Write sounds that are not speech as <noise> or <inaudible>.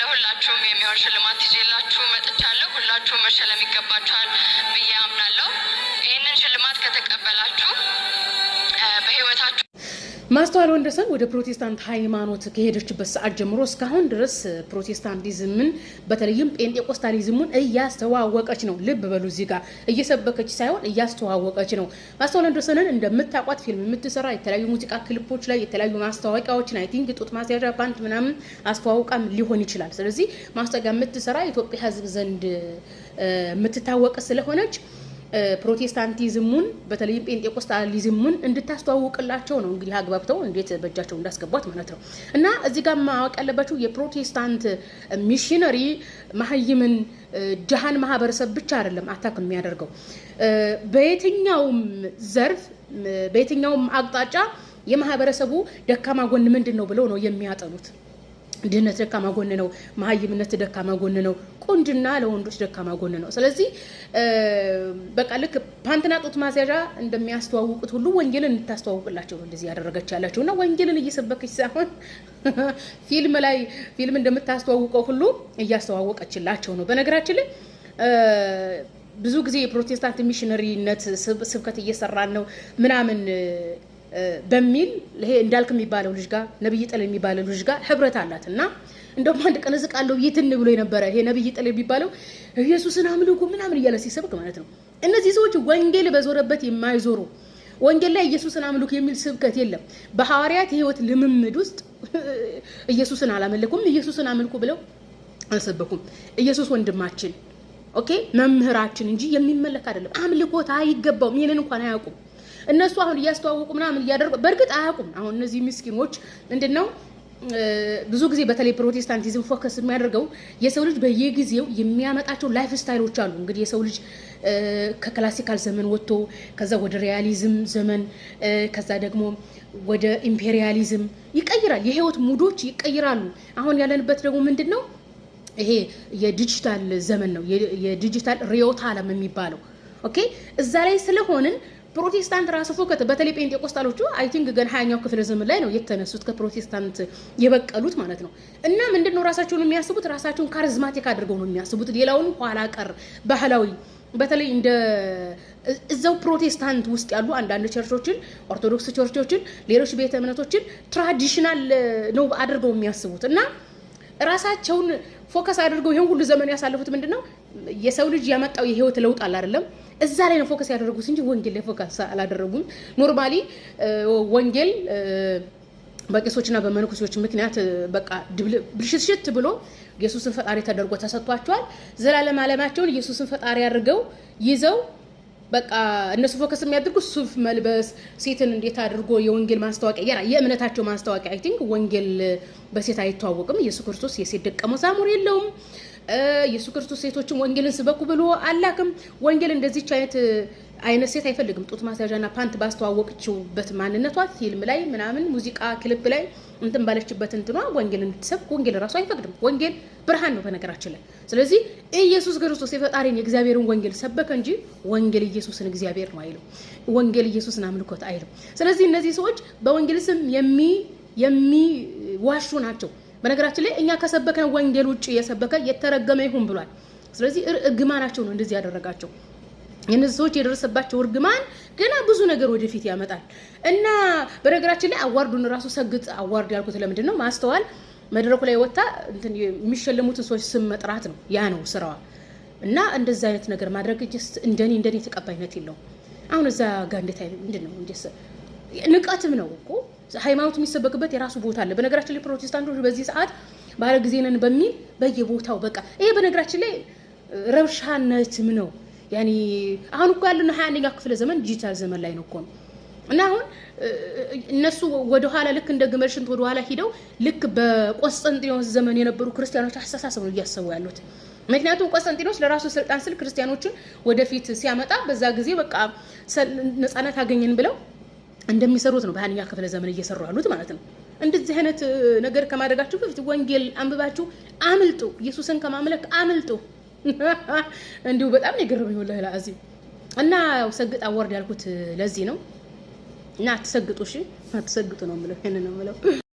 ለሁላችሁም የሚሆን ሽልማት ይዤላችሁ መጥቻለሁ። ሁላችሁም መሸለም ይገባችኋል ብያ ማስተዋል ወንደሰን ወደ ፕሮቴስታንት ሃይማኖት ከሄደችበት ሰዓት ጀምሮ እስካሁን ድረስ ፕሮቴስታንቲዝምን በተለይም ጴንጤቆስታሊዝሙን እያስተዋወቀች ነው። ልብ በሉ እዚህ ጋር እየሰበከች ሳይሆን እያስተዋወቀች ነው። ማስተዋል ወንደሰንን እንደምታቋት ፊልም የምትሰራ የተለያዩ ሙዚቃ ክሊፖች ላይ የተለያዩ ማስታወቂያዎችን አይቲንግ ጡት ማስያዣ ባንድ ምናምን አስተዋውቃም ሊሆን ይችላል። ስለዚህ ማስታወቂያ የምትሰራ ኢትዮጵያ ሕዝብ ዘንድ የምትታወቅ ስለሆነች ፕሮቴስታንቲዝሙን በተለይም ጴንጤቆስታሊዝሙን እንድታስተዋውቅላቸው ነው እንግዲህ አግባብተው እንዴት በእጃቸው እንዳስገቧት ማለት ነው። እና እዚህ ጋር ማወቅ ያለባቸው የፕሮቴስታንት ሚሽነሪ መሀይምን ጃሃን ማህበረሰብ ብቻ አይደለም አታክ የሚያደርገው በየትኛውም ዘርፍ በየትኛውም አቅጣጫ የማህበረሰቡ ደካማ ጎን ምንድን ነው ብለው ነው የሚያጠኑት። ድህነት ደካማ ጎን ነው፣ መሀይምነት ደካማ ጎን ነው፣ ቁንጅና ለወንዶች ደካማ ጎን ነው። ስለዚህ በቃ ልክ ፓንትና ጡት ማስያዣ እንደሚያስተዋውቁት ሁሉ ወንጌልን እንታስተዋውቅላቸው እንደዚህ ያደረገች ያለችው እና ወንጌልን እየሰበከች ሳይሆን <laughs> ፊልም ላይ ፊልም እንደምታስተዋውቀው ሁሉ እያስተዋወቀችላቸው ነው። በነገራችን ላይ ብዙ ጊዜ የፕሮቴስታንት ሚሽነሪነት ስብከት እየሰራን ነው ምናምን በሚል ይሄ እንዳልክ የሚባለው ልጅ ጋር ነብይ ጥል የሚባለው ልጅ ጋር ህብረት አላት እና እንደውም አንድ ቀን እዝቃለሁ ትን ብሎ የነበረ ይሄ ነብይ ጥል የሚባለው ኢየሱስን አምልኩ ምናምን እያለ ሲሰብክ ማለት ነው። እነዚህ ሰዎች ወንጌል በዞረበት የማይዞሩ ወንጌል ላይ ኢየሱስን አምልኩ የሚል ስብከት የለም። በሐዋርያት የህይወት ልምምድ ውስጥ <laughs> ኢየሱስን አላመለኩም፣ ኢየሱስን አምልኩ ብለው አልሰበኩም። ኢየሱስ ወንድማችን ኦኬ መምህራችን እንጂ የሚመለክ አይደለም። አምልኮት አይገባውም። ይህንን እንኳን አያውቁም። እነሱ አሁን እያስተዋወቁ ምናምን እያደረጉ በእርግጥ አያውቁም። አሁን እነዚህ ምስኪኖች ምንድን ነው ብዙ ጊዜ በተለይ ፕሮቴስታንቲዝም ፎከስ የሚያደርገው የሰው ልጅ በየጊዜው የሚያመጣቸው ላይፍ ስታይሎች አሉ። እንግዲህ የሰው ልጅ ከክላሲካል ዘመን ወጥቶ ከዛ ወደ ሪያሊዝም ዘመን ከዛ ደግሞ ወደ ኢምፔሪያሊዝም ይቀይራል። የህይወት ሙዶች ይቀይራሉ። አሁን ያለንበት ደግሞ ምንድን ነው? ይሄ የዲጂታል ዘመን ነው። የዲጂታል ሪዮት አለም የሚባለው ኦኬ። እዛ ላይ ስለሆንን ፕሮቴስታንት ራሱ ፉከት በተለይ ጴንጤቆስታሎቹ አይ ቲንክ ገና ሀያኛው ክፍለ ዘመን ላይ ነው የተነሱት ከፕሮቴስታንት የበቀሉት ማለት ነው። እና ምንድን ነው ራሳቸውን የሚያስቡት ራሳቸውን ካሪዝማቲክ አድርገው ነው የሚያስቡት። ሌላውን ኋላ ቀር ባህላዊ በተለይ እንደ እዛው ፕሮቴስታንት ውስጥ ያሉ አንዳንድ ቸርቾችን፣ ኦርቶዶክስ ቸርቾችን፣ ሌሎች ቤተ እምነቶችን ትራዲሽናል ነው አድርገው የሚያስቡት እና ራሳቸውን ፎከስ አድርገው ይሄን ሁሉ ዘመን ያሳለፉት ምንድን ነው? የሰው ልጅ ያመጣው የህይወት ለውጥ አለ አይደለም? እዛ ላይ ነው ፎከስ ያደረጉት እንጂ ወንጌል ላይ ፎከስ አላደረጉም። ኖርማሊ ወንጌል በቄሶችና በመነኮሴዎች ምክንያት በቃ ብልሽትሽት ብሎ ኢየሱስን ፈጣሪ ተደርጎ ተሰጥቷቸዋል። ዘላለም ዓለማቸውን ኢየሱስን ፈጣሪ አድርገው ይዘው በቃ እነሱ ፎከስ የሚያደርጉት ሱፍ መልበስ፣ ሴትን እንዴት አድርጎ የወንጌል ማስታወቂያ የእምነታቸው ማስታወቂያ። አይ ቲንክ ወንጌል በሴት አይተዋወቅም። ኢየሱስ ክርስቶስ የሴት ደቀ መዛሙር የለውም። ኢየሱስ ክርስቶስ ሴቶችን ወንጌልን ስበኩ ብሎ አላክም። ወንጌል እንደዚች አይነት አይነ ሴት አይፈልግም። ጡት ማስያዣና ፓንት ባስተዋወቅችውበት ማንነቷ ፊልም ላይ ምናምን ሙዚቃ ክሊፕ ላይ እንትን ባለችበት እንትኗ ወንጌል እንድትሰብ ወንጌል ራሱ አይፈቅድም። ወንጌል ብርሃን ነው በነገራችን ላይ። ስለዚህ ኢየሱስ ክርስቶስ የፈጣሪን የእግዚአብሔርን ወንጌል ሰበከ እንጂ ወንጌል ኢየሱስን እግዚአብሔር ነው አይልም። ወንጌል ኢየሱስን አምልኮት አይልም። ስለዚህ እነዚህ ሰዎች በወንጌል ስም የሚዋሹ ናቸው። በነገራችን ላይ እኛ ከሰበከን ወንጌል ውጭ የሰበከ የተረገመ ይሁን ብሏል። ስለዚህ እርግማናቸው ነው እንደዚህ ያደረጋቸው። የነዚህ ሰዎች የደረሰባቸው እርግማን ገና ብዙ ነገር ወደፊት ያመጣል እና በነገራችን ላይ አዋርዱን ራሱ ሰግጥ አዋርድ ያልኩት ለምንድን ነው? ማስተዋል መድረኩ ላይ ወጥታ የሚሸለሙትን ሰዎች ስም መጥራት ነው። ያ ነው ስራዋ። እና እንደዚ አይነት ነገር ማድረግ እንደኔ እንደኔ ተቀባይነት የለው። አሁን እዛ ጋር እንዴት ምንድን ነው ንቀትም ነው እኮ ሃይማኖት የሚሰበክበት የራሱ ቦታ አለ። በነገራችን ላይ ፕሮቴስታንቶች በዚህ ሰዓት ባለ ጊዜ ነን በሚል በየቦታው በቃ ይሄ በነገራችን ላይ ረብሻነትም ነው ያኔ አሁን እኮ ያለነው ሀያ አንደኛ ክፍለ ዘመን ዲጂታል ዘመን ላይ ነው እኮ ነው እና አሁን እነሱ ወደኋላ ልክ እንደ ግመል ሽንት ወደኋላ ሂደው ልክ በቆስጠንጢኖስ ዘመን የነበሩ ክርስቲያኖች አስተሳሰብ ነው እያሰቡ ያሉት። ምክንያቱም ቆስጠንጢኖስ ለራሱ ስልጣን ስል ክርስቲያኖችን ወደፊት ሲያመጣ በዛ ጊዜ በቃ ነፃነት አገኘን ብለው እንደሚሰሩት ነው በሀያኛ ክፍለ ዘመን እየሰሩ ያሉት ማለት ነው። እንደዚህ አይነት ነገር ከማድረጋችሁ በፊት ወንጌል አንብባችሁ አምልጡ። ኢየሱስን ከማምለክ አምልጡ። <laughs> እንዲሁ በጣም ነው የገረመኝ ወላሂ ለአዚ እና ያው ሰግጥ አወርድ ያልኩት ለዚህ ነው። እና አትሰግጡ፣ እሺ አትሰግጡ ነው የምለው፣ ይሄንን ነው የምለው።